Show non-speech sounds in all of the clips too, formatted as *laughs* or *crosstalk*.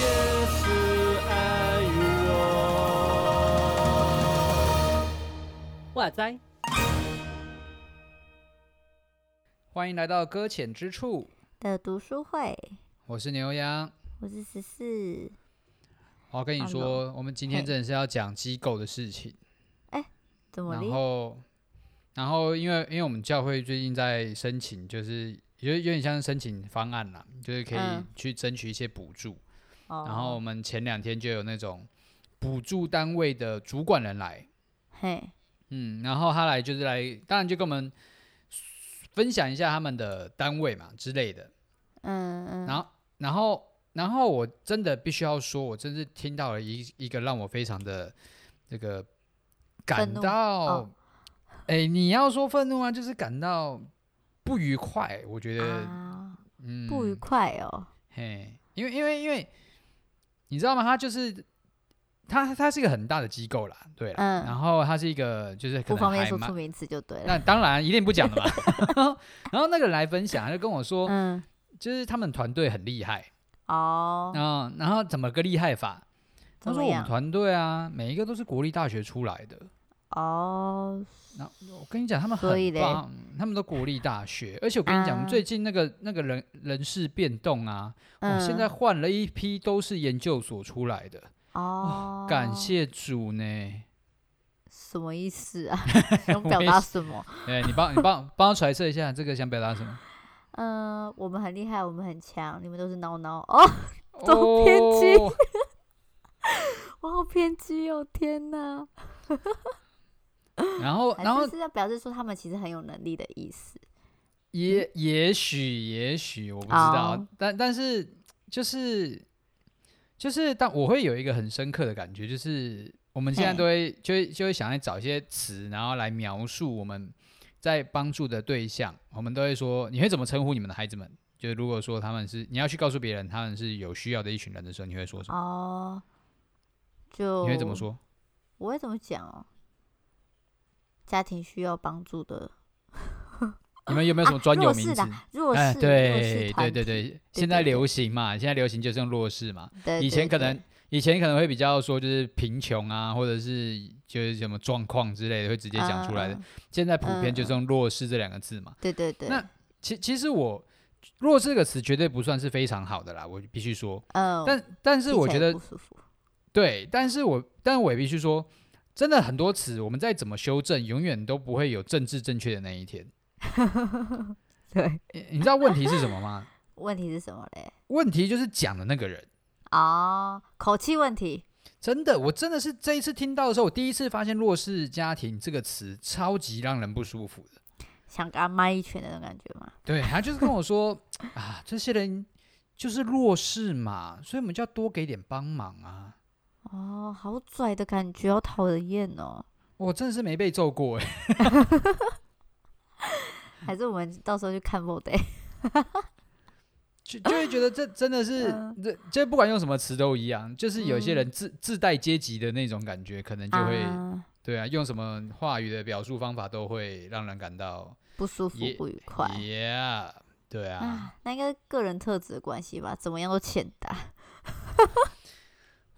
也是愛我。哇塞！歡迎來到擱淺之處的讀書會。我是牛羊，我是十四。我要跟你說，oh no。我們今天真的是要講機構的事情。Hey. 然後，然後，因為因為我們教會最近在申請，就是有有點像是申請方案啦，就是可以去爭取一些補助。嗯。然後我們前兩天就有那種補助單位的主管人來。嘿。嗯，然後他來就是來，當然就跟我們分享一下他們的單位嘛之類的。嗯嗯。然後，然後，然後我真的必須要說，我真是聽到了一一個讓我非常的這個。感到，哎、哦欸，你要說憤怒啊，就是感到不愉快。我覺得，啊、嗯，不愉快哦。嘿，因為因為因為，你知道嗎？他就是他，他是一個很大的機構啦，對啦。嗯、然後他是一個，就是可能還不方便說出名詞就對了。那當然一定不講的嘛。 *laughs* *laughs* 然後那個人來分享，他就跟我說，嗯，就是他們團隊很厲害。哦。嗯，然後怎麼個厲害法？他說，我們團隊啊，每一個都是國立大學出來的哦。那我跟你講，他們很棒，他們都國立大學，而且我跟你講，最近那個那個人人事變動啊，我現在換了一批，都是研究所出來的哦。感謝主呢，什麼意思啊？想表達什麼？哎，你幫，你幫，幫我揣測一下，這個想表達什麼？嗯，我們很厲害，我們很強，你們都是孬孬哦，總編輯。我好偏激哦！天哪！ *laughs* 然後，然後是要表示說他們其實很有能力的意思，也也許，也許我不知道。Oh. 但但是，就是就是，但我會有一個很深刻的感覺，就是我們現在都會 Hey. 就會就會想來找一些詞，然後來描述我們在幫助的對象。我們都會說，你會怎麼稱呼你們的孩子們？就如果說他們是你要去告訴別人他們是有需要的一群人的時候，你會說什麼？哦。Oh. 就你會怎麼說？我會怎麼講哦？家庭需要幫助的。你們有沒有什麼專有名詞、啊？弱勢的、呃，對對對對對，現在流行嘛，對對對現在流行就是用弱勢嘛。對對對，以前可能以前可能會比較說就是貧窮啊，或者是就是什麼狀況之類的，會直接講出來的。啊、現在普遍就是用弱勢這兩個字嘛。對對對。那其其實我弱勢這個詞絕對不算是非常好的啦，我必須說。嗯。但但是我覺得。對，但是我但我也必須說，真的很多詞，我們再怎麼修正，永遠都不會有政治正確的那一天。 *laughs* 對，你知道問題是什麼嗎？ *laughs* 問題是什麼嘞？問題就是講的那個人啊、哦，口氣問題。真的，我真的是這一次聽到的時候，我第一次發現“弱勢家庭”這個詞超級讓人不舒服的，想跟他賣一拳那種感覺嗎？對，他就是跟我說 *laughs* 啊，這些人就是弱勢嘛，所以我們就要多給點幫忙啊。哦，好拽的感覺，好討人厭哦！我真的是沒被揍過，哎，還是我們到時候去看某 day， *laughs* 就就會覺得這真的是、呃、這，不管用什麼詞都一樣，就是有些人自、嗯、自帶階級的那種感覺，可能就會、嗯、對啊，用什麼話語的表述方法都會讓人感到不舒服、不愉快。Yeah，對啊，啊那應該是個人特質的關係吧，怎麼樣都欠打。 *laughs*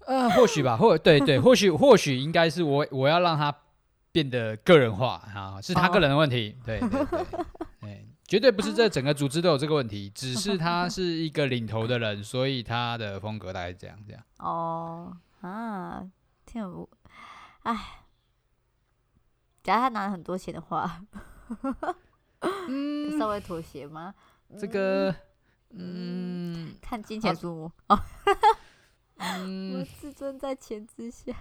呃，或許吧，或對對，或許或許應該是我我要讓他變得個人化啊，是他個人的問題，哦、對對對，對，絕對不是這整個組織都有這個問題，啊、只是他是一個領頭的人，所以他的風格大概是這樣這樣。哦啊，天啊，哎，假如他拿了很多錢的話，呵呵嗯，稍微妥協嗎？這個嗯，嗯看金錢數目哦。好嗯，我自尊在錢之下，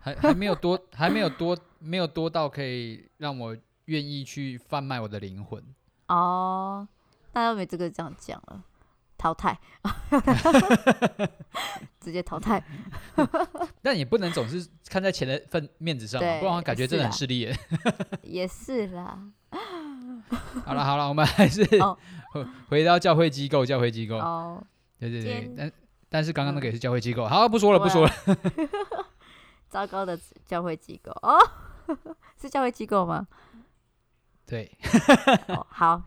還還沒有多，還沒有多，沒有多到可以讓我願意去販賣我的靈魂哦。大家都沒這個這樣講了，淘汰，直接淘汰。但也不能總是看在錢的份面子上，不然感覺真的很勢利耶。也是啦。好了好了，我們還是回回到教會機構，教會機構。哦，對對對，但是剛剛那個也是教會機構，好，不說了，不說了。糟糕的教會機構哦，是教會機構嗎？對。好。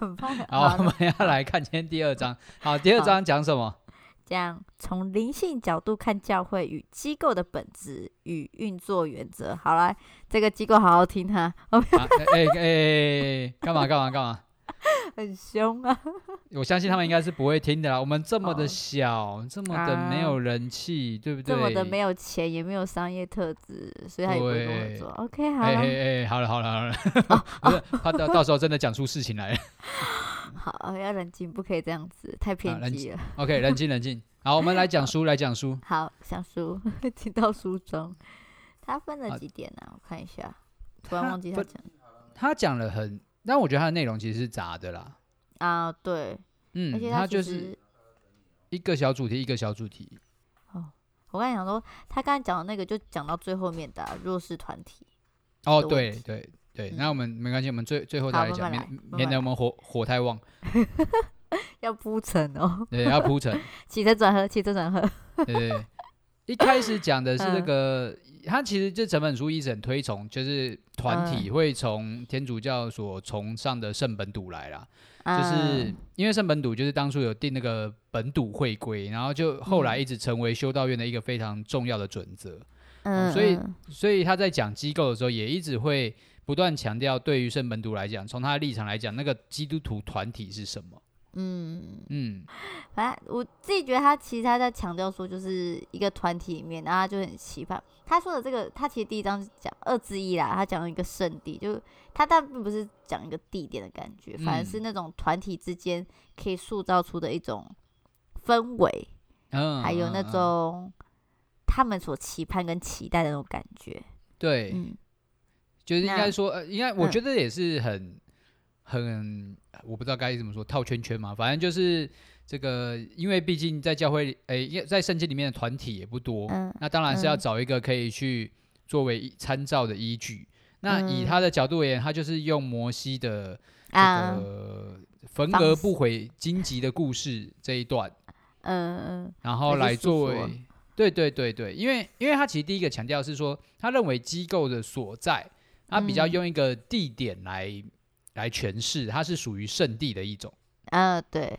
很棒。好，我們要來看今天第二章。好，第二章講什麼？講從靈性角度看教會與機構的本質與運作原則。好啦，這個機構好好聽哈。OK，哎哎哎，幹嘛幹嘛幹嘛？很凶啊！我相信他們應該是不會聽的啦。我們這麼的小，這麼的沒有人氣，對不對？這麼的沒有錢，也沒有商業特質，所以他也不會做。OK，好。哎哎哎，好了好了好了，他到到時候真的講出事情來了。好，要冷靜，不可以這樣子，太偏激了。OK，冷靜冷靜。好，我們來講書，來講書。好，講書，請到書中。他分了幾點呢？我看一下，突然忘記他講。他講了很。但我覺得它的內容其實是雜的啦，啊對，嗯，而且它，它就是一個小主題一個小主題。哦，我剛才想說，他剛才講的那個就講到最後面的、啊、弱勢團體。哦對對對，對對嗯、那我們沒關係，我們最最後再來講。免免得我們火火太旺， *laughs* 要鋪陳哦，對，要鋪陳。 *laughs* 起承轉合起承轉合對。一開始講的是那個，他其實這整本書一直很推崇，就是團體會從天主教所崇尚的聖本篤來啦。就是因為聖本篤就是當初有定那個本篤會規，然後就後來一直成為修道院的一個非常重要的準則。嗯，所以所以他在講機構的時候，也一直會不斷強調，對於聖本篤來講，從他的立場來講，那個基督徒團體是什麼。嗯嗯，嗯，反正我自己覺得他其實他在強調說，就是一個團體裡面，然後他就很期盼。他說的這個，他其實第一章是講二之一啦，他講一個聖地，就他但並不是講一個地點的感覺，反而是那種團體之間可以塑造出的一種氛圍，嗯，嗯，還有那種他們所期盼跟期待的那種感覺。對，嗯，就是應該說，呃那，應該我覺得也是很。很，我不知道該怎麼說，套圈圈嘛。反正就是這個，因為畢竟在教會裡，誒、欸，在聖經裡面的團體也不多，嗯、那當然是要找一個可以去作為參照的依據。嗯、那以他的角度而言，他就是用摩西的這個焚而、啊、不毀荊棘的故事這一段，嗯，然後來作為，啊、對對對對，因為因為他其實第一個強調是說，他認為機構的所在，他比較用一個地點來。來詮釋，它是屬於聖地的一種啊，對，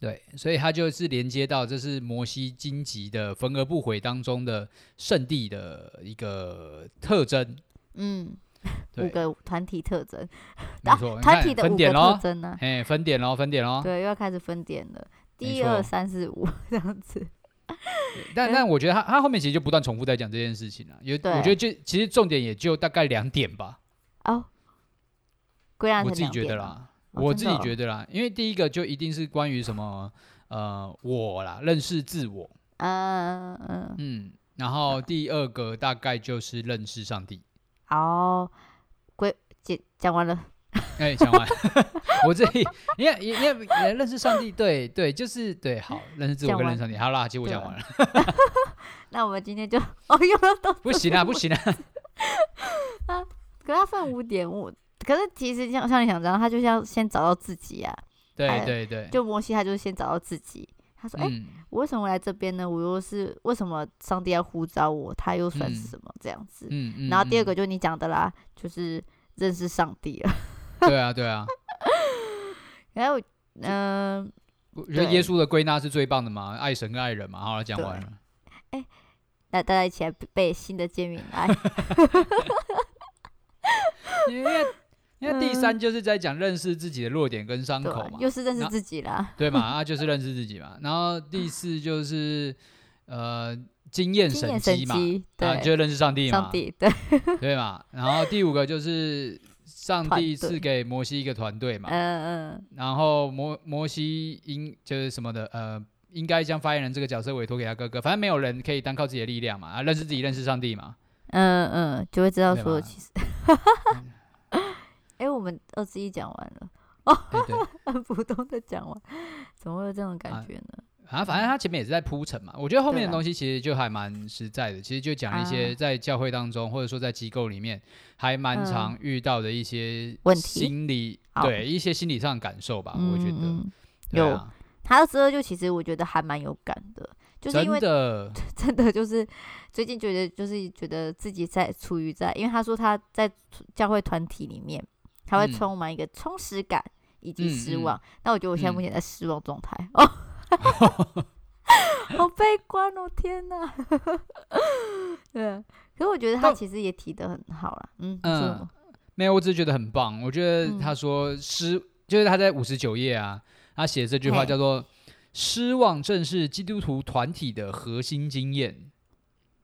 對，所以它就是連接到這是摩西荊棘的焚而不毀當中的聖地的一個特徵，嗯，對，五個團體特徵，沒錯，團體的五個特徵呢，啊，哎，分點嘍，分點哦，對，又要開始分點了，一二三四五這樣子，但但我覺得他他後面其實就不斷重複在講這件事情了，有，對，我覺得就其實重點也就大概兩點吧，哦。啊、我自己覺得啦，哦、我自己覺得啦，哦、因為第一個就一定是關於什麼、嗯、呃，我啦，認識自我。嗯嗯嗯。嗯然後第二個大概就是認識上帝。好，歸講講完了。哎，講完了。 *laughs* *laughs* 我這裡，因為你也因認識上帝，對對，就是對，好，認識自我跟認識上帝，好啦，其實我講完了。對啊、 *laughs* 那我們今天就哦，又要到不行啊，不行啊。 *laughs* 啊，可他算五點五。可是其實像像你想這樣，他就像先找到自己啊。對對對，哎、就摩西，他就是先找到自己。他說：“哎、嗯欸，我為什麼會來這邊呢？我又是為什麼上帝要呼召我？他又算是什麼這樣子？”嗯嗯、然後第二個就是你講的啦，嗯、就是認識上帝啊。對啊對啊。 *laughs* 然後嗯我，人就、呃、耶穌的歸納是最棒的嘛，愛神跟愛人嘛，好了講完了。哎、欸，那大家一起來背新的誡命來。 *laughs* *laughs* 那第三就是在講認識自己的弱點跟傷口嘛、嗯，又是認識自己啦，那對嘛？嗯、啊，就是認識自己嘛。然後第四就是，嗯、呃，經驗神蹟嘛，對、啊，就認識上帝嘛，上帝對對嘛。然後第五個就是，上帝團是給摩西一個團隊嘛，嗯嗯對。然後摩摩西應就是什麼的，呃，應該將發言人這個角色委托給他哥哥，反正沒有人可以單靠自己的力量嘛。啊，認識自己，認識上帝嘛，嗯嗯，就會知道說其實。嘛 *laughs* 欸，我們二十一講完了，哦、欸對呵呵，很普通的講完，怎麼會有這種感覺呢？啊，反正他前面也是在鋪陳嘛，我覺得後面的東西其實就還蠻實在的，啊、其實就講了一些在教會當中，啊、或者說在機構裡面還蠻常遇到的一些、嗯、問題，心理對、哦、一些心理上的感受吧。嗯、我覺得、嗯啊、有，他二十二就其實我覺得還蠻有感的，就是因為真的，真的就是最近覺得就是覺得自己在處於在，因為他說他在教會團體裡面。他會充滿一個充實感，以及失望。嗯嗯、但我覺得我現在目前在失望狀態、嗯、哦， *laughs* *laughs* *laughs* 好悲觀哦！天哪， *laughs* 對。可是我覺得他其實也提得很好啦。嗯嗯，嗯，沒有，我只是覺得很棒。我覺得他說失，嗯、就是他在五十九頁啊，他寫這句話叫做“嘿失望正是基督徒團體的核心經驗”。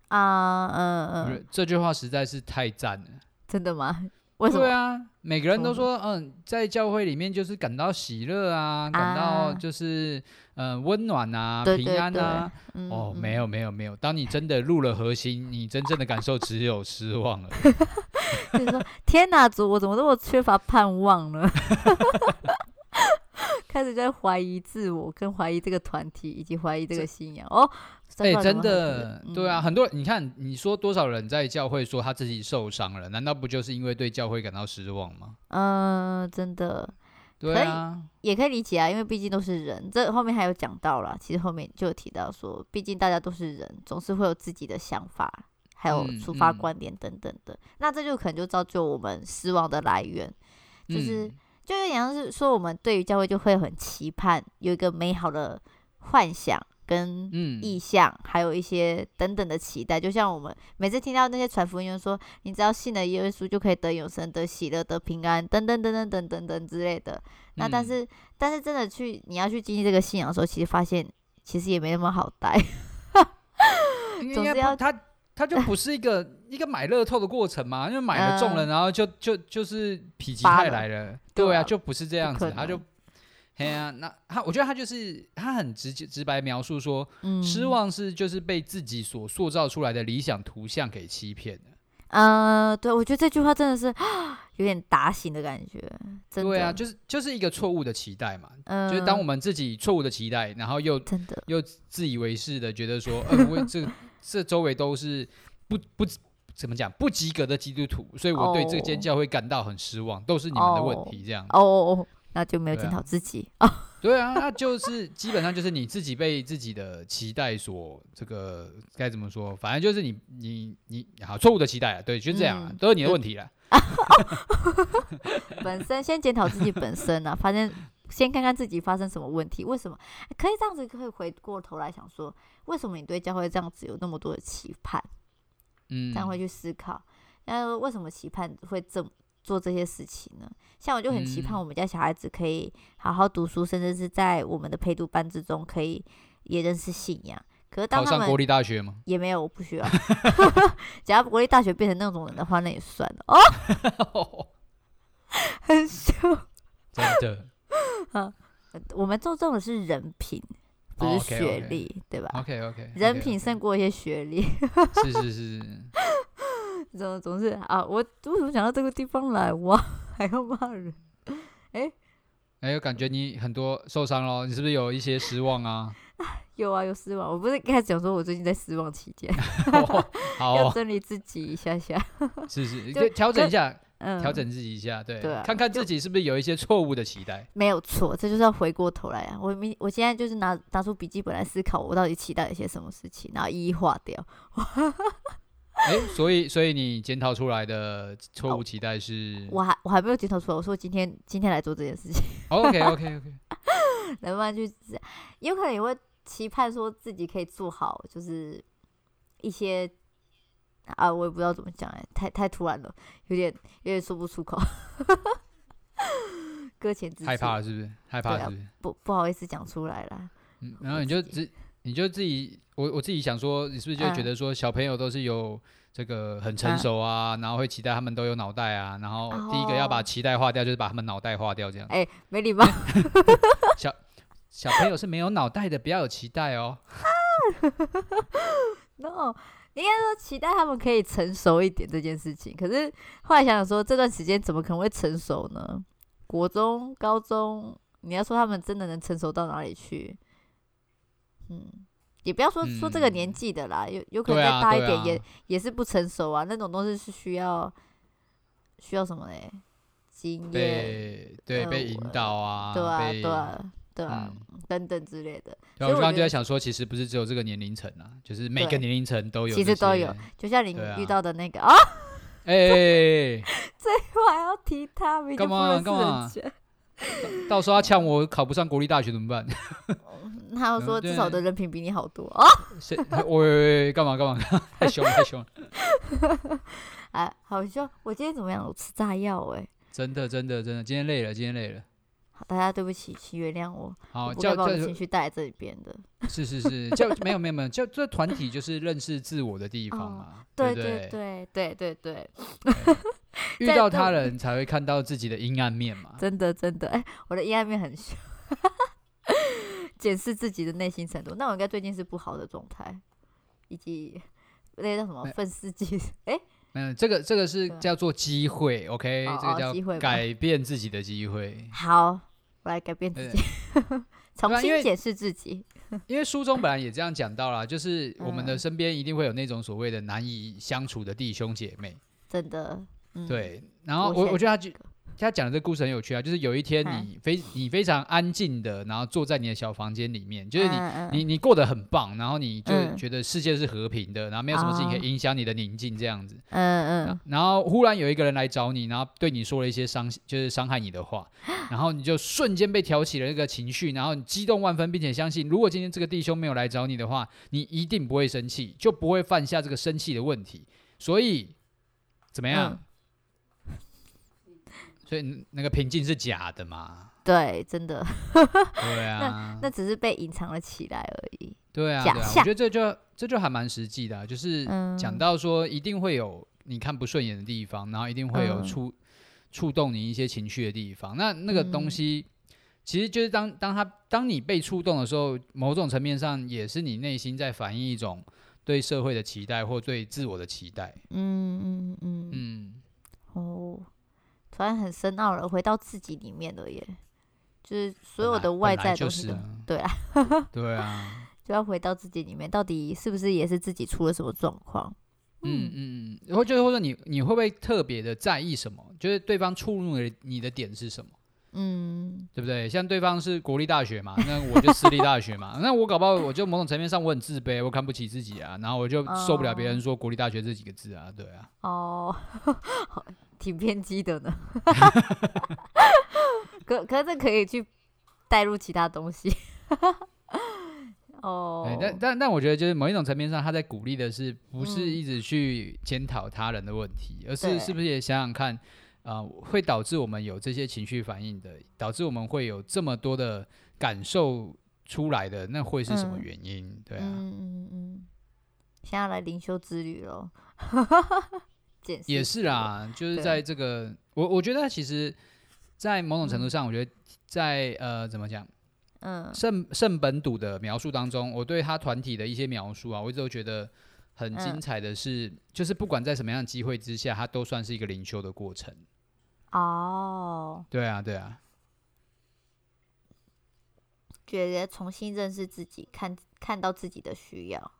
啊嗯嗯，嗯嗯這句話實在是太讚了，真的嗎？為什麼？對啊，每個人都說，嗯，在教會裡面就是感到喜樂啊，啊感到就是嗯，呃，溫暖啊、對對對平安啊。嗯、哦，沒有沒有沒有，當你真的入了核心， *laughs* 你真正的感受只有失望了。 *laughs* 就是說天哪，主，我怎麼這麼缺乏盼望呢？ *laughs* *laughs* 開始在懷疑自我，跟懷疑這個團體，以及懷疑這個信仰。這哦，哎、欸，人真的，嗯、對啊，很多，人。你看，你說多少人在教會說他自己受傷了，難道不就是因為對教會感到失望嗎？嗯、呃，真的，對啊，可也可以理解啊，因為畢竟都是人。這後面還有講到了，其實後面就有提到說，畢竟大家都是人，總是會有自己的想法，還有出發觀點等等的。嗯嗯、那這就可能就造就我們失望的來源，就是。嗯就是好像是說，我們對於教會就會很期盼，有一個美好的幻想跟意向，嗯、還有一些等等的期待。就像我們每次聽到那些傳福音,音說，你只要信了耶穌就可以得永生、得喜樂、得平安，等等等等等等等,等之類的。那但是，嗯、但是真的去你要去經歷這個信仰的時候，其實發現其實也沒那麼好待 *laughs* 。總之要他就不是一個一個買樂透的過程嘛，因為買了中了，然後就就就是否極泰來了，對啊，就不是這樣子。他就，嘿啊，那他，我覺得他就是他很直接直白描述說，失望是就是被自己所塑造出來的理想圖像給欺騙的。呃，對，我覺得這句話真的是有點打醒的感覺。對啊，就是就是一個錯誤的期待嘛。嗯，就是當我們自己錯誤的期待，然後又真的又自以為是的覺得說，呃，我這。這周圍都是不不怎麼講不及格的基督徒，所以我對這間教會感到很失望。Oh. 都是你們的問題，oh. 這樣哦，oh. Oh. 那就沒有檢討自己啊？對啊，那、 *laughs* 啊、就是基本上就是你自己被自己的期待所這個該怎麼說反正就是你你你好錯誤的期待，對，就是、這樣、啊，嗯、都是你的問題了。嗯、 *laughs* *laughs* 本身先檢討自己本身呢、啊，反正。先看看自己發生什麼問題，為什麼、啊、可以這樣子？可以回過頭來想說，為什麼你對教會這樣子有那麼多的期盼？嗯，這樣會去思考，那為什麼期盼會這麼做這些事情呢？像我就很期盼我們家小孩子可以好好讀書，嗯、甚至是在我們的陪讀班之中可以也認識信仰。可是當上國立大學嗎？也沒有，我不需要。假如 *laughs* *laughs* 國立大學變成那種人的話，那也算了哦。很秀，真的。啊、我們注重的是人品，不是學歷，oh, okay, okay. 對吧？OK OK，, okay, okay, okay, okay. 人品勝過一些學歷。 *laughs* 是，是是是，總總是啊，我為什麼想到這個地方來？哇，還要罵人？哎、欸，哎、欸，我感覺你很多受傷了。你是不是有一些失望啊？有啊，有失望。我不是開始講說我最近在失望期間、哦，好、哦，要整理自己一下下。是是，以調 *laughs* 就整一下。調整自己一下，嗯、對，對啊、看看自己是不是有一些錯誤的期待，沒有錯，這就是要回過頭來啊。我明，我現在就是拿拿出筆記本來思考，我到底期待一些什麼事情，然後一一劃掉。哎、 *laughs* 欸，所以，所以你檢討出來的錯誤期待是，oh, 我還我還沒有檢討出來。我說今天今天來做這件事情。 *laughs* oh, OK OK OK，能不能就有可能也會期盼說自己可以做好，就是一些。啊，我也不知道怎麼講哎、欸，太太突然了，有點有點說不出口，擱淺自己害怕是不是？害怕是不是？啊、不不好意思講出來了。嗯，然後你就自只你就自己，我我自己想說，你是不是就覺得說，小朋友都是有這個很成熟啊，啊然後會期待他們都有腦袋啊，然後第一個要把期待化掉，就是把他們腦袋化掉這樣。哎、欸，沒禮貌。小小朋友是沒有腦袋的，不要有期待哦、喔。 *laughs* No。應該說期待他們可以成熟一點這件事情，可是後來想想說，這段時間怎麼可能會成熟呢？國中、高中，你要說他們真的能成熟到哪裡去？嗯，也不要說、嗯、說這個年紀的啦，有有可能再大一點也、啊啊、也是不成熟啊。那種東西是需要需要什麼呢？經驗，對，管被引導啊，對啊，被對啊。對啊，等等之類的。然後我剛剛就在想說，其實不是只有這個年齡層啊，就是每個年齡層都有。其實都有，就像你遇到的那個啊，哎，最後還要提他們，幹嘛幹嘛？到時候他嗆我考不上國立大學怎麼辦？他要說至少的人品比你好多啊。誰？喂喂喂，幹嘛幹嘛？太凶了太凶了。哎，好凶，我今天怎麼樣？我吃炸藥哎！真的真的真的，今天累了，今天累了。大家對不起，請原諒我。好，叫叫情緒帶這邊的。是是是，叫沒有沒有沒有，叫這團體就是認識自我的地方嘛。對對對對對對。遇到他人才會看到自己的陰暗面嘛。真的真的，哎，我的陰暗面很小，檢視自己的內心程度，那我應該最近是不好的狀態，以及那些叫什麼憤世嫉俗哎，嗯，這個這個是叫做機會，OK，這個叫改變自己的機會。好。我來改變自己、嗯， *laughs* 重新解釋自己、嗯。因。因為書中本來也這樣講到啦， *laughs* 就是我們的身邊一定會有那種所謂的難以相處的弟兄姐妹。嗯、真的，嗯、對。然後我我，先我覺得他就。他講的這個故事很有趣啊，就是有一天你非、啊、你非常安靜的，然後坐在你的小房間裡面，就是你、啊、你你過得很棒，然後你就覺得世界是和平的，嗯、然後沒有什麼事情可以影響你的寧靜這樣子。嗯嗯、啊。啊、然後忽然有一個人來找你，然後對你說了一些傷就是傷害你的話，然後你就瞬間被挑起了這個情緒，然後你激動萬分，並且相信如果今天這個弟兄沒有來找你的話，你一定不會生氣，就不會犯下這個生氣的問題。所以怎麼樣？嗯所以那個平靜是假的嘛？對，真的。 *laughs* 對啊，那那只是被隱藏了起來而已。對啊，假象，對啊，我覺得這就這就還蠻實際的、啊，就是講到說，一定會有你看不順眼的地方，然後一定會有觸觸、嗯、動你一些情緒的地方。那那個東西，嗯、其實就是當當他當你被觸動的時候，某種層面上也是你內心在反映一種對社會的期待或對自我的期待。嗯。反正很深奧了，回到自己裡面了耶。就是所有的外在都是對啊，對啊，就要回到自己裡面，到底是不是也是自己出了什麼狀況？嗯，嗯嗯嗯，然後就是或者說你你會不會特別的在意什麼？就是對方觸怒了你的點是什麼？嗯，對不對？像對方是國立大學嘛，那我就私立大學嘛， *laughs* 那我搞不好我就某種層面上我很自卑，我看不起自己啊，然後我就受不了別人說國立大學這幾個字啊，對啊。哦，挺偏激的呢。 *laughs* *laughs* 可可是可以去帶入其他東西。 *laughs* 哦，欸、但但但我覺得就是某一種層面上，他在鼓勵的是不是一直去檢討他人的問題，嗯、而是是不是也想想看。啊、呃，會導致我們有這些情緒反應的，導致我們會有這麼多的感受出來的，那會是什麼原因？嗯、對啊，嗯嗯嗯，現在要來靈修之旅嘍， *laughs* 釋也是啦，對就是在這個、啊、我我覺得，其實在某種程度上，嗯、我覺得在呃怎麼講，嗯，聖聖本篤的描述當中，我對他團體的一些描述啊，我一直都覺得很精彩的是，嗯、就是不管在什麼樣的機會之下，嗯、他都算是一個靈修的過程。哦，oh, 對啊，對啊，覺得重新認識自己，看看到自己的需要。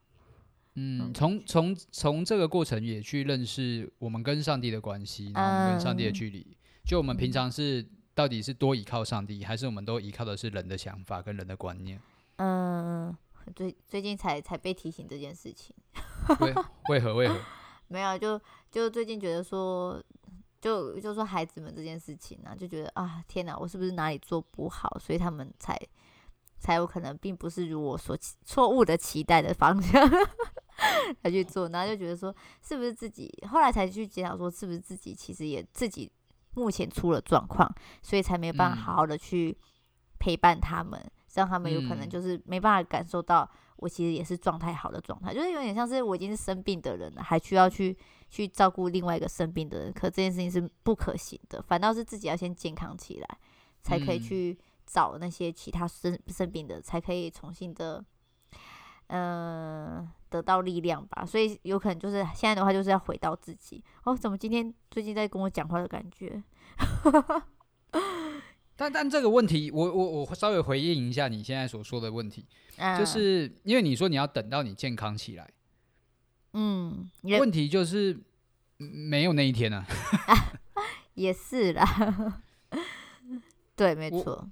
嗯，從嗯從從，從這個過程，也去認識我們跟上帝的關係，跟上帝的距離。嗯，就我們平常是到底是多依靠上帝，嗯，還是我們都依靠的是人的想法跟人的觀念？嗯，最最近才才被提醒這件事情。 *laughs* 為為何為何？為何 *laughs* 沒有，就就最近覺得說。就就說孩子們這件事情呢、啊，就覺得啊，天哪，我是不是哪裡做不好，所以他們才才有可能，並不是如我所期錯誤的期待的方向來去做，然後就覺得說是不是自己，後來才去檢討說是不是自己其實也自己目前出了狀況，所以才沒辦法好好的去陪伴他們，嗯、讓他們有可能就是沒辦法感受到我其實也是狀態好的狀態，就是有點像是我已經是生病的人了，還需要去。去照顧另外一個生病的人，可這件事情是不可行的，反倒是自己要先健康起來，才可以去找那些其他生生病的，才可以重新的，嗯、呃、得到力量吧。所以有可能就是現在的話，就是要回到自己。哦，怎麼今天最近在跟我講話的感覺？ *laughs* 但但這個問題，我我我稍微回應一下你現在所說的問題，嗯、就是因為你說你要等到你健康起來。嗯，問題就是沒有那一天呢。也是啦， *laughs* 對，沒錯。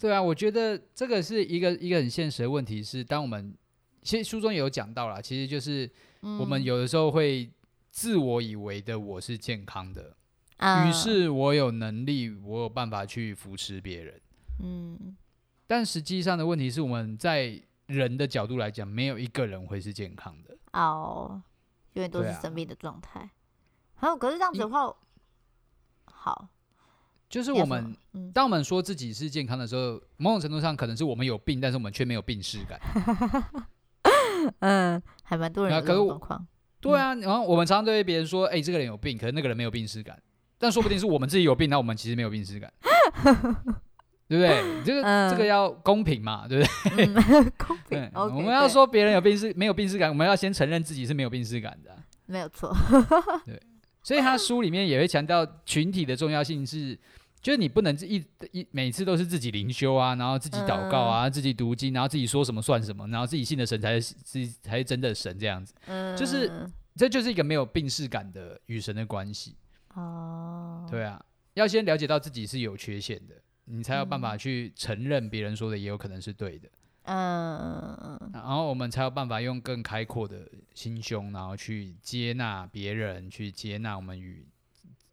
對啊，我覺得這個是一個一個很現實的問題是當我們其實書中也有講到啦，其實就是我們有的時候會自我以為的我是健康的，於、嗯、是我有能力，我有辦法去扶持別人。嗯，但實際上的問題是，我們在人的角度來講，沒有一個人會是健康的。哦，因為、oh, 都是生病的狀態，還有、啊、可是這樣子的話，嗯、好，就是我們、嗯、當我們說自己是健康的時候，某種程度上可能是我們有病，但是我們卻沒有病識感。 *laughs* 呃啊、嗯，還蠻多人有這種狀況，對啊，然後我們常常對別人說，哎、欸，這個人有病，可是那個人沒有病識感，但說不定是我們自己有病，那 *laughs* 我們其實沒有病識感。 *laughs* 對不對？這個、嗯、這個要公平嘛，對不對？嗯、公平。嗯、okay, 我們要說別人有病識對沒有病識感，我們要先承認自己是沒有病識感的、啊，沒有錯。 *laughs* 對，所以他書裡面也會強調群體的重要性是，是就是你不能一一,一每次都是自己靈修啊，然後自己禱告啊，嗯、自己讀經，然後自己說什麼算什麼，然後自己信的神才是自己才是真的神這樣子。嗯、就是這就是一個沒有病識感的與神的關係。哦，對啊，要先了解到自己是有缺陷的。你才有辦法去承認別人說的也有可能是對的，嗯，然後我們才有辦法用更開闊的心胸，然後去接納別人，去接納我們與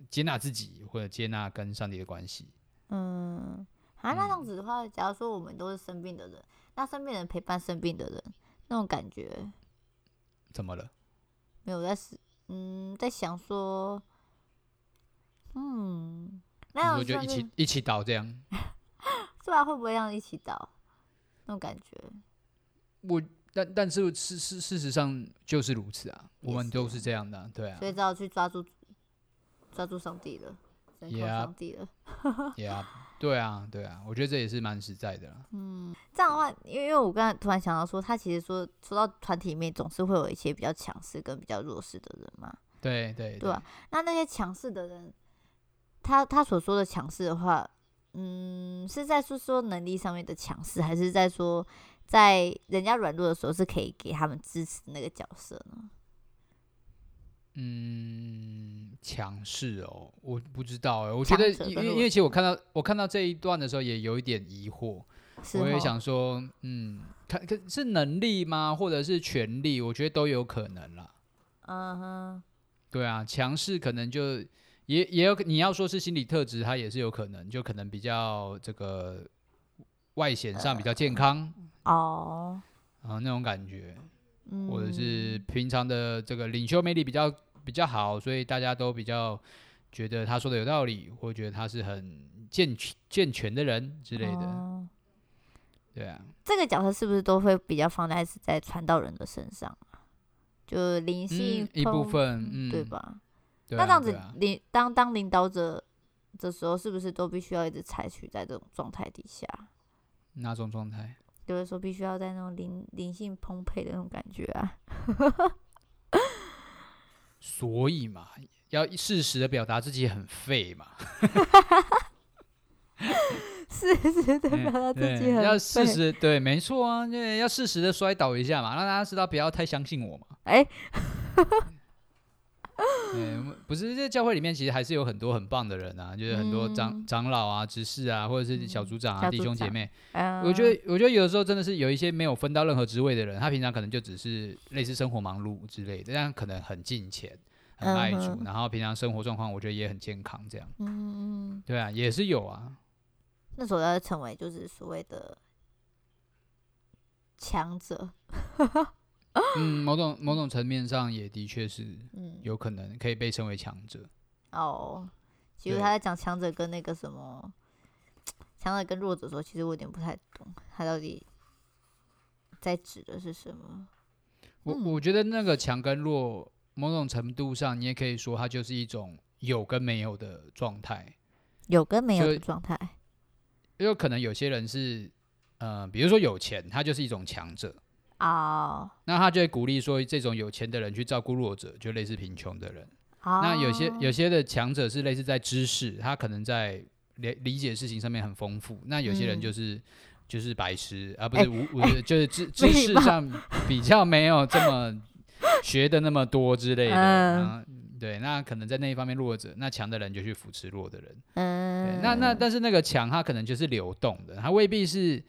接納自己，或者接納跟上帝的關係。嗯，啊，那樣子的話，嗯、假如說我們都是生病的人，那生病人陪伴生病的人，那種感覺怎麼了？沒有在嗯，在想說。那我就一起一起倒這樣，是吧？會不會讓你一起倒？那種、個、感覺。我但但是事事事實上就是如此啊，Yes. 我們都是這樣的、啊，對啊。所以只好去抓住抓住上帝了，靠上帝了。也啊，對啊，對啊，我覺得這也是蠻實在的啦。嗯，這樣的話，因為因為我剛才突然想到說，他其實說說到團體裡面，總是會有一些比較強勢跟比較弱勢的人嘛。對對對，對啊，那那些強勢的人。他他所說的強勢的話，嗯，是在說說能力上面的強勢，還是在說在人家軟弱的時候是可以給他們支持那個角色呢？嗯，強勢哦，我不知道哎、欸，我覺得因為因為其實我看到我看到這一段的時候也有一點疑惑，齁我也想說，嗯，他可是能力嗎？或者是權力？我覺得都有可能啦。嗯哼、uh，huh. 對啊，強勢可能就。也也有你要說是心理特質，他也是有可能，就可能比較這個外顯上比較健康、呃、哦，啊那種感覺，或者、嗯、是平常的這個領袖魅力比較比較好，所以大家都比較覺得他說的有道理，或覺得他是很健全健全的人之類的。哦、對啊，這個角色是不是都會比較放在是在傳道人的身上啊？就靈性、嗯、一部分，嗯、對吧？那這樣子，你當當領導者的時候，是不是都必須要一直採取在這種狀態底下？哪種狀態？就是說，必須要在那種靈靈性充沛的那種感覺啊。 *laughs* 所以嘛，要適時的表達自己很廢嘛。 *laughs* *laughs* 事實的表達自己很廢、欸。要適時 *laughs* 對，沒錯啊，要適時的摔倒一下嘛，讓大家知道不要太相信我嘛。哎、欸。 *laughs* 嗯、 *laughs* 欸，不是,這教會裡面其實還是有很多很棒的人啊，就是很多長、嗯、長老啊、執事啊，或者是小組長啊、嗯、長啊弟兄姐妹。嗯、我覺得，我覺得有的時候真的是有一些沒有分到任何職位的人，他平常可能就只是類似生活忙碌之類的，這樣可能很虔誠、很愛主，嗯、哼然後平常生活狀況我覺得也很健康，這樣。嗯對啊，也是有啊。那所謂的成為就是所謂的強者。 *laughs* 嗯，某種某種層面上也的確是，有可能可以被稱為強者。哦、嗯，oh, 其實他在講強者跟那個什麼，對強者跟弱者的時候，其實我有點不太懂他到底在指的是什麼。我我覺得那個強跟弱，某種程度上你也可以說它就是一種有跟沒有的狀態。有跟沒有的狀態，因為可能有些人是，呃，比如說有錢，他就是一種強者。哦，oh. 那他就會鼓勵說，這種有錢的人去照顧弱者，就類似貧窮的人。Oh. 那有些有些的強者是類似在知識，他可能在理理解事情上面很豐富。那有些人就是、嗯、就是白痴啊，不是無、欸、無，欸、就是知、欸、知識上比較沒有這麼學的那麼多之類的。 *laughs* 嗯、對，那可能在那一方面弱者，那強的人就去扶持弱的人。嗯，那那但是那個強他可能就是流動的，他未必是。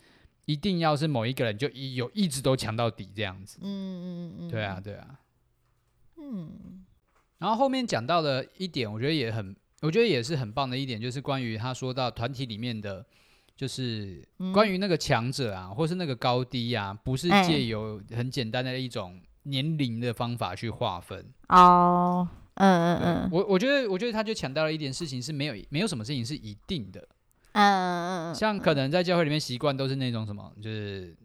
一定要是某一個人就一有一直都強到底這樣子，嗯嗯嗯嗯，對啊對啊，嗯。然後後面講到的一點，我覺得也很，我覺得也是很棒的一點，就是關於他說到團體裡面的，就是關於那個強者啊，或是那個高低啊，不是借由很簡單的一種年齡的方法去劃分。哦，嗯嗯嗯。我我覺得，我覺得他就強調了一點事情是沒有，沒有什麼事情是一定的。嗯，像可能在教會裡面習慣都是那種什麼，就是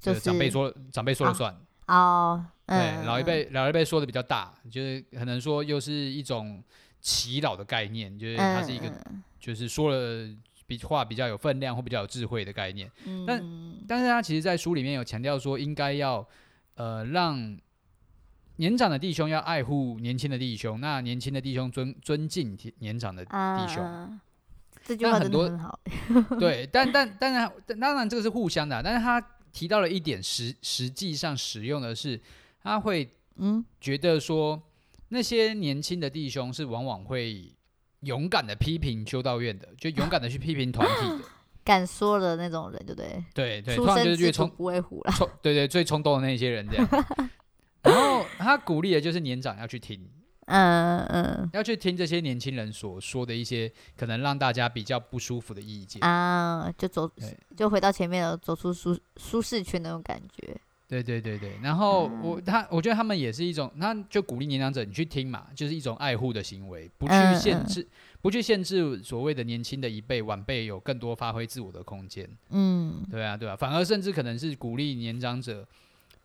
就是長輩說、就是、長輩說了算哦，啊、對，老一輩老一輩說的比較大，嗯、就是可能說又是一種耆老的概念，就是它是一個、嗯、就是說了比話比較有分量或比較有智慧的概念。嗯、但但是他其實在書裡面有強調說，應該要呃讓年長的弟兄要愛護年輕的弟兄，那年輕的弟兄尊尊敬年長的弟兄。嗯那很多， *laughs* 對，但但當然當然這個是互相的、啊，但是他提到了一點實，實實際上使用的是，他會嗯覺得說、嗯、那些年輕的弟兄是往往會勇敢的批評修道院的，就勇敢的去批評團體，敢說的那種人對，對，對，對不對？對對，對，通常就是越衝，初生之犢不畏虎啦，衝對對最衝動的那些人這樣， *laughs* 然後他鼓勵的就是年長要去聽。嗯嗯，嗯要去聽這些年輕人所說的一些可能讓大家比較不舒服的意見啊，就走，對就回到前面了，走出舒舒適圈的那種感覺。對對對對，然後、嗯、我他，我覺得他們也是一種，那就鼓勵年長者你去聽嘛，就是一種愛護的行為，不去限制，嗯、不去限制所謂的年輕的一輩晚輩有更多發揮自我的空間。嗯，對啊，對啊，反而甚至可能是鼓勵年長者。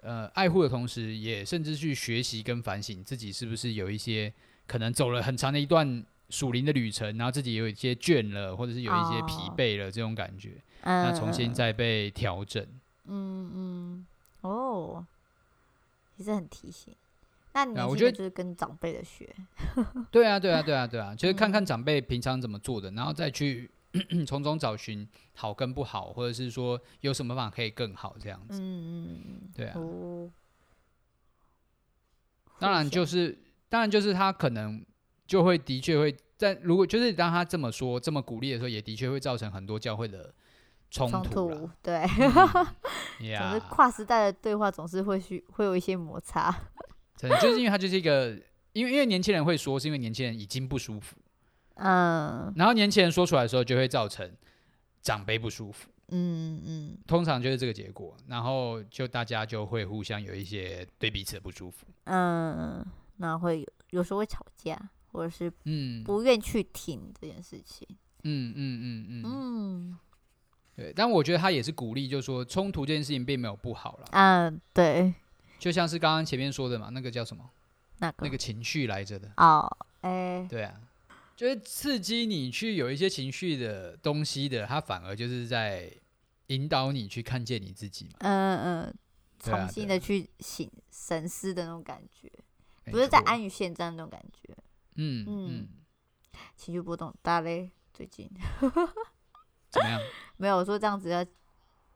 呃，愛護的同時，也甚至去學習跟反省自己是不是有一些可能走了很長的一段屬靈的旅程，然後自己有一些倦了，或者是有一些疲憊了這種感覺。哦呃、那重新再被調整。嗯嗯，哦，也是很提醒。那你我覺得就是跟長輩的學。啊 *laughs* 對啊，對啊，對啊，對啊，就是看看長輩平常怎麼做的，然後再去。從 *coughs* 中找尋好跟不好，或者是說有什麼辦法，可以更好這樣子。嗯嗯嗯，對啊。哦，當然就是，選當然就是他可能就會的確會在，如果就是當他這麼說這麼鼓勵的時候，也的確會造成很多教會的衝突、突。衝突，對，總是跨時代的對話總是會去會有一些摩擦。 *laughs* 就是因為他就是一個，因為因為年輕人會說是因為年輕人已經不舒服。嗯，然後年輕人說出來的時候，就會造成長輩不舒服。嗯嗯，嗯通常就是這個結果，然後就大家就會互相有一些對彼此的不舒服。嗯，那會有有時候會吵架，或者是嗯，不願去聽這件事情。嗯嗯嗯嗯，嗯，嗯嗯嗯對，但我覺得他也是鼓勵，就是說衝突這件事情並沒有不好了。嗯對，就像是剛剛前面說的嘛，那個叫什麼？那個、那個情緒來着的。哦，哎、欸，對啊。就是刺激你去有一些情緒的東西的，它反而就是在引導你去看見你自己嘛。嗯嗯，重新的去醒神思的那種感覺，沒錯。不是在安於現狀的那種感覺。嗯嗯，嗯嗯情緒波動大嘞，最近 *laughs* 怎麼樣？沒有，我說這樣子要，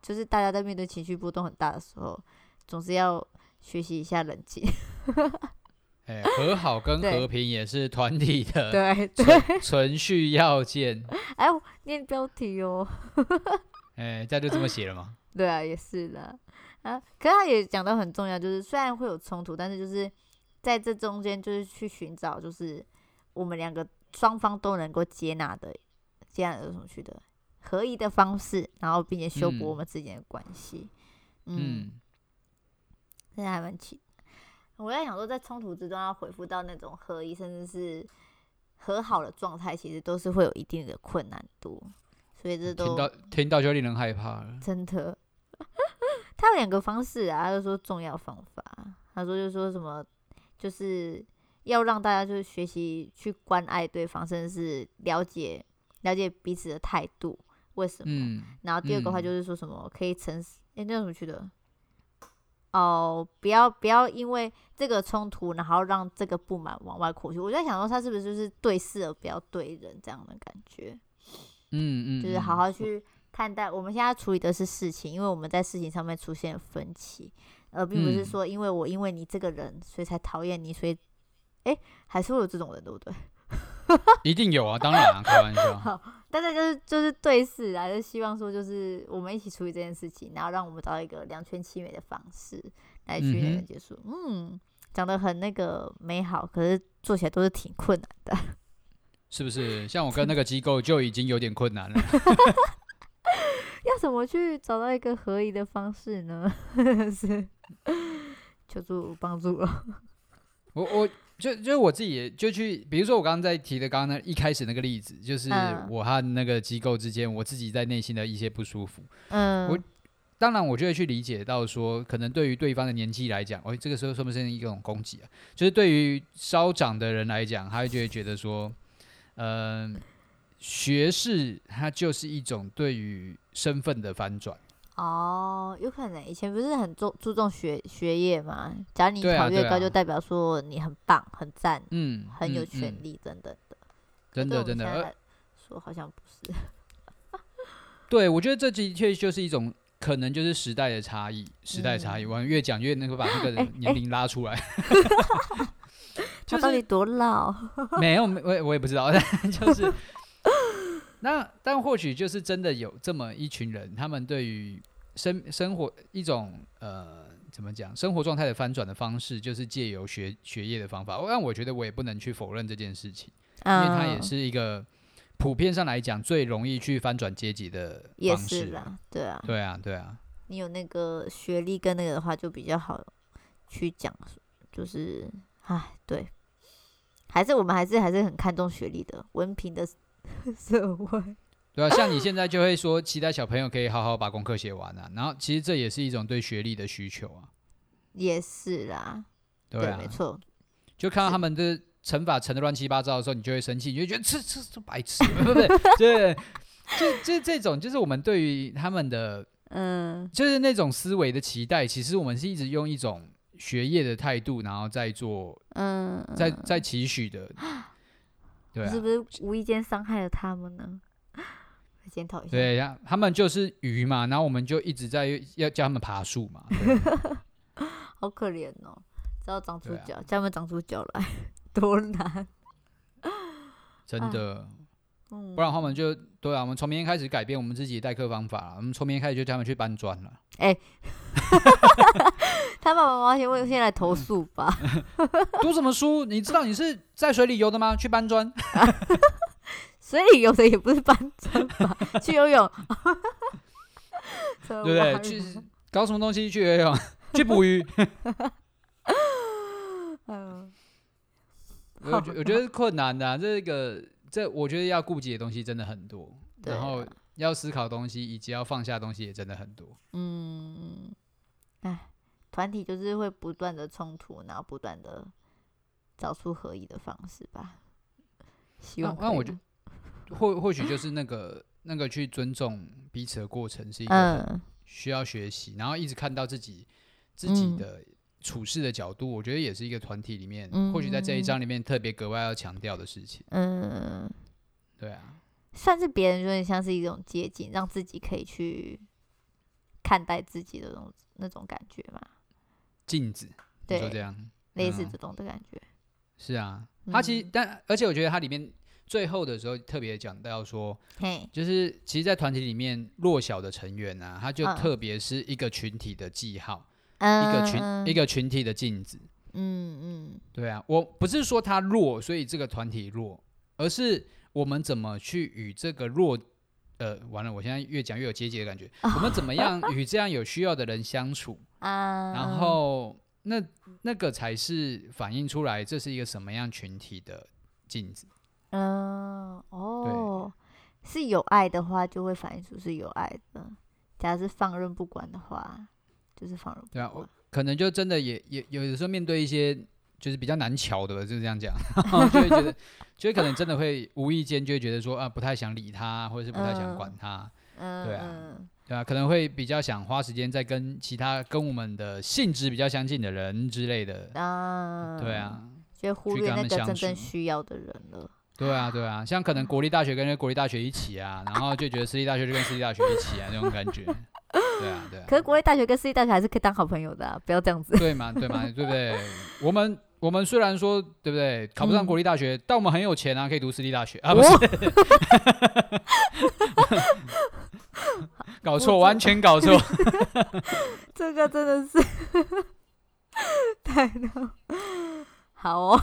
就是大家在面對情緒波動很大的時候，總是要學習一下冷靜。 *laughs* 哎、欸，和好跟和平也是團體的對，存續要件。哎，念標題哦。哎、 *laughs* 欸，這樣就這麼寫了嗎？對啊，也是的。啊，可是他也講到很重要，就是雖然會有衝突，但是就是在這中間，就是去尋找，就是我們兩個雙方都能夠接納的、接有的、麼去的、合一的方式，然後並且修補我們之間的關係。嗯，現在、嗯、還蠻奇。我在想說，在衝突之中要恢復到那種合一，甚至是和好的狀態，其實都是會有一定的困難度。所以這都聽到，聽到就令人害怕了。真的，他有兩個方式啊，他就說重要方法，他說就是說什麼，就是要讓大家就是學習去關愛對方，甚至是了解了解彼此的態度，為什麼？嗯、然後第二個話就是說什麼、嗯、可以誠實，誒、欸，那有什麼去的？哦，不要不要因為這個衝突，然後讓這個不滿往外擴去。我在想說，他是不是就是對事而不要對人這樣的感覺？嗯嗯，嗯就是好好去看待。我們現在處理的是事情，因為我們在事情上面出現分歧，而並不是說因為我因為你這個人，嗯、所以才討厭你。所以，哎、欸，還是會有這種人，對不對？ *laughs* 一定有啊，當然啊， *laughs* 開玩笑。但是就是就是對視啊，就是、希望說就是我們一起處理這件事情，然後讓我們找到一個兩全其美的方式來去那個結束。嗯，哼嗯，講得很那個美好，可是做起來都是挺困難的。是不是？像我跟那個機構就已經有點困難了。 *laughs* *laughs* 要怎麼去找到一個合宜的方式呢？ *laughs* 是求助幫助了。我我。我就就我自己就去，比如說我剛剛在提的，剛剛那一開始那個例子，就是我和那個機構之間，我自己在內心的一些不舒服。嗯，我當然我就會去理解到說，可能對於對方的年紀來講，我、哎、這個時候是不是一種攻擊啊？就是對於稍長的人來講，他就會覺得說，嗯、呃，學士他就是一種對於身份的反轉。哦，有可能以前不是很注重學學業嘛？假如你考越高，就代表說你很棒、很讚、啊啊嗯、嗯，很有權利等等的。真的，真的，說、呃、好像不是。對，我覺得這的確就是一種可能，就是時代的差異，時代的差異。嗯、我越講越能夠把那個年齡拉出來。他到底多老？沒有，我也我也不知道，就是。 *laughs* 那但或許就是真的有這麼一群人，他們對於生生活一種呃怎麼講生活狀態的翻轉的方式，就是借由學學業的方法。但我覺得我也不能去否認這件事情，啊、因為它也是一個普遍上來講最容易去翻轉階級的方式也是啦。對啊，對啊，對啊，對啊。你有那個學歷跟那個的話，就比較好去講，就是哎，對，還是我們還是還是很看重學歷的文憑的。社會，對啊，像你現在就會說、啊、期待小朋友可以好好把功課寫完了、啊。然後其實這也是一種對學歷的需求啊，也是啦，對啊，對沒錯，就看到他們的乘法乘的亂七八糟的時候，你就會生氣，你就會覺得吃吃吃白痴，不不不，對，就就這種，就是我們對於他們的嗯，就是那種思維的期待，其實我們是一直用一種學業的態度，然後再做嗯，在在期許的。啊、是不是無意間傷害了他們呢？檢討一下。對呀、啊，他們就是魚嘛，然後我們就一直在要叫他們爬樹嘛， *laughs* 好可憐哦，只要長出腳，叫、啊、他們長出腳來，多難，真的。啊不然的話，我們就對啊，我們從明天開始改變我們自己代課方法。我們從明天開始就叫他們去搬磚了。哎，他爸爸媽媽先問，先來投訴吧？讀什麼書？你知道你是在水裡游的嗎？去搬磚？水裡游的也不是搬磚吧？去游泳？對不對？去搞什麼東西？去游泳？去捕魚？哎，我我覺得困難的這個。這我覺得要顧及的東西真的很多，了然後要思考的東西以及要放下的東西也真的很多。嗯，哎，團體就是會不斷的衝突，然後不斷的找出合一的方式吧。希望、啊、那我覺得 *laughs* 或或許就是那個 *coughs* 那個去尊重彼此的過程是一個需要學習，嗯、然後一直看到自己自己的，嗯處事的角度，我覺得也是一個團體裡面，嗯、或許在這一章裡面特別格外要強調的事情。嗯，對啊，算是別人，就是像是一種接近，讓自己可以去看待自己的那種那種感覺嘛。鏡子，對，就這樣類似這種的感覺。嗯、是啊，他其實、嗯、但而且我覺得他裡面最後的時候特別講到說，嘿就是其實，在團體裡面弱小的成員啊，他就特別是一個群體的記號。嗯 Uh, 一個群、uh, 一個群體的鏡子，嗯嗯，對啊，我不是說他弱，所以這個團體弱，而是我們怎麼去與這個弱，呃，完了，我現在越講越有階級的感覺。Uh, 我們怎麼樣與這樣有需要的人相處啊？Uh, uh, 然後那那個才是反映出來，這是一個什麼樣群體的鏡子。嗯、uh, oh, 對，哦，是有愛的話就會反映出是有愛的，假如是放任不管的話。就是放柔對啊，我可能就真的也也有的時候面對一些就是比較難瞧的，就是這樣講、 *laughs* 嗯，就會覺得，就會可能真的會無意間就會覺得說啊、呃，不太想理他，或者是不太想管他，嗯、對啊，對啊，可能會比較想花時間在跟其他跟我們的性質比較相近的人之類的、嗯、對啊，就忽略、去跟他們相處、那個真正需要的人了。對啊，對啊，像可能國立大學跟國立大學一起啊，然後就覺得私立大學就跟私立大學一起啊， *laughs* 那種感覺。對啊，對啊，可是國立大學跟私立大學還是可以當好朋友的，不要這樣子。對嘛，對嘛，對不對？我們我們雖然說，對不對？考不上國立大學，但我們很有錢啊，可以讀私立大學啊，不是？搞錯，完全搞錯。這個真的是太難，好哦，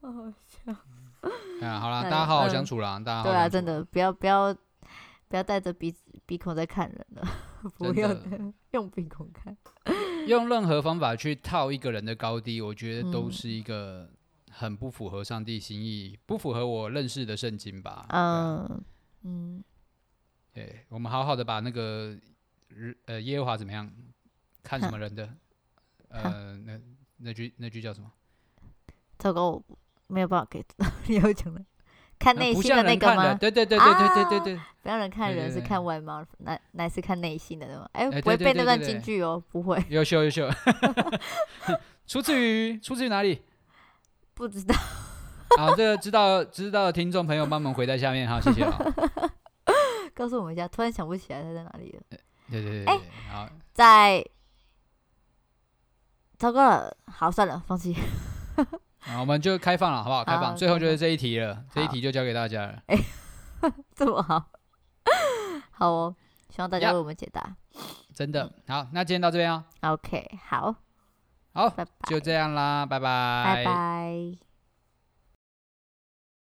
好好笑。啊，好啦，大家好好相處啦，大家。對啊，真的不要不要。不要帶着鼻子鼻孔在看人了， *laughs* 不用的用鼻孔看， *laughs* 用任何方法去套一個人的高低，我覺得都是一個很不符合上帝心意，嗯、不符合我認識的聖經吧。嗯嗯，哎對、嗯，我們好好的把那個日呃耶和華怎麼樣看什麼人的，哈呃那那句那句叫什麼？糟糕，我沒有辦法給你要講了。看內心的那個嗎？啊、嗎對對對對對對對對、啊，不讓人看人是看外貌，欸、對對對乃乃是看內心的對嗎？哎、欸，不會背那段金句哦，欸、對對對不會、欸對對對。優秀優秀，出自於出自於哪裡？不知道 *laughs* 好，這個知道知道的聽眾朋友幫忙回在下面哈，謝謝哦。告訴我們一下，突然想不起來他在哪裡了。欸、對,對對對，哎、欸，好，在，糟糕了，好算了，放棄。 *laughs* 嗯、我們就開放了，好不好？好，開放，最後就是這一題了，好這一題就交給大家了。哎、欸，這麼好，好哦，希望大家為我們解答。真的好，那今天到這邊哦。OK，好，好，拜拜，就這樣啦，拜拜，拜拜。